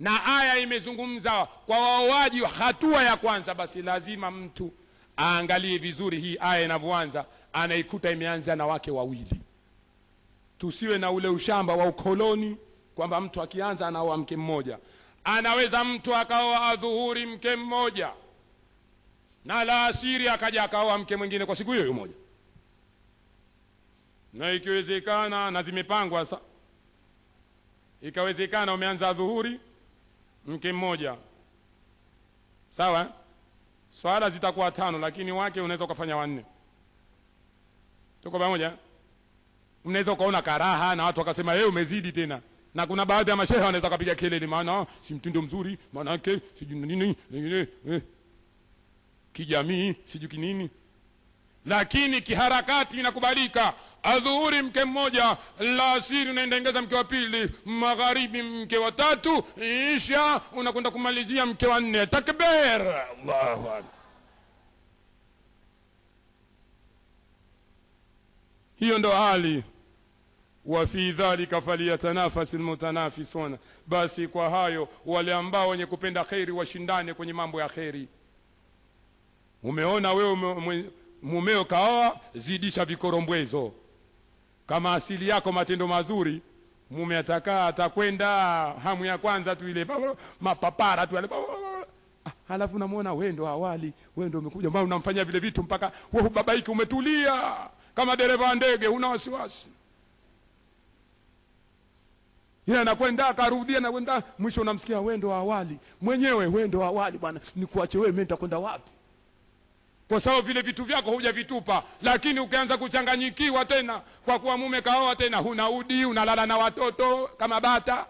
na aya imezungumza kwa waoaji hatua ya kwanza, basi lazima mtu aangalie vizuri hii aya inavyoanza, anaikuta imeanza na wake wawili. Tusiwe na ule ushamba wa ukoloni kwamba mtu akianza anaoa mke mmoja. Anaweza mtu akaoa adhuhuri mke mmoja na laasiri akaja akaoa mke mwingine kwa siku hiyo hiyo moja, na ikiwezekana, na zimepangwa sasa, ikawezekana umeanza adhuhuri mke mmoja sawa swala zitakuwa tano lakini wake unaweza ukafanya wanne tuko pamoja unaweza ukaona karaha na watu wakasema yeye eh, umezidi tena na kuna baadhi ya mashehe wanaweza kapiga kelele maana si mtindo mzuri maana yake sijui nini eh, kijamii sijui kinini lakini kiharakati inakubalika adhuhuri mke mmoja, laasiri unaendengeza mke wa pili, magharibi mke wa tatu, isha unakwenda kumalizia mke wa nne. Takbir, Allahu akbar. hiyo ndo hali wa fi dhalika falyatanafasi almutanafisuna, basi kwa hayo wale ambao wenye kupenda kheri washindane kwenye mambo ya kheri. Umeona wewe mumeo kaoa, zidisha vikorombwezo. Kama asili yako matendo mazuri, mume atakaa atakwenda, hamu ya kwanza tu ile mapapara tu, ah, halafu namwona wewe ndo awali, wewe ndo umekuja, mbona unamfanyia vile vitu mpaka wewe babaiki, umetulia kama dereva wa ndege, una wasiwasi yeye anakwenda akarudia na kwenda mwisho, unamsikia wewe ndo awali mwenyewe, wewe ndo awali bwana, nikuache wewe, mimi nitakwenda wapi? kwa sababu vile vitu vyako hujavitupa. Lakini ukianza kuchanganyikiwa tena kwa kuwa mume kaoa tena, huna udi, unalala na watoto kama bata.